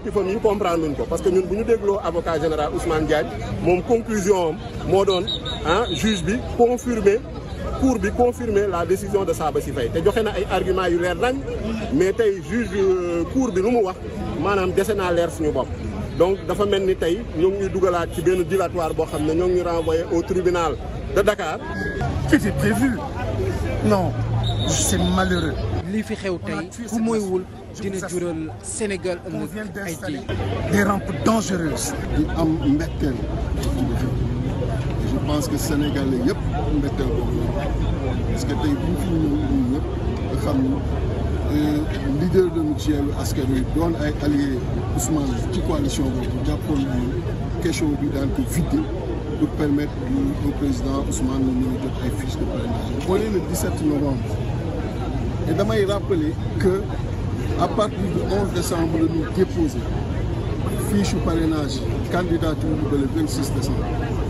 petit famille yi comprendre ko parce que ñun bu ñu dégloo avocat général Ousmane Diagne moom conclusion am moo doon ah juge bi confirmer cour bi confirmer la décision de Sabassy Faye te joxe na ay argument yu leer nañ mais tey juge euh, cour bi lu mu wax maanaam dese naa leer suñu bopp donc dafa mel ni tey ñoo ngi ñuy dugalaat ci benn dilatoire boo xam ne ñoo ngi ñu renvoyé au tribunal de Dakar. C'était prévu. Non, c'est malheureux. li fi xew tey ku moywul dina jural Sénégal ëllëg ay jéy. des rampes dangereuses. di am mbetteel je pense que sénégalais yëpp mbetteel boobu parce que tey bu fi ñëw ñëpp nga euh, leader de mutuelle askan wi doon ay alliés Ousmane ci coalition boobu jàppoon nañu question bi daan ko vidé. pour permettre au président Ousmane de nous donner un de parrainage. On est le novembre. Et damay rappeler que à partir du 11 décembre la ñu déposer fiche parrainage candidature bi ba le 26 décembre.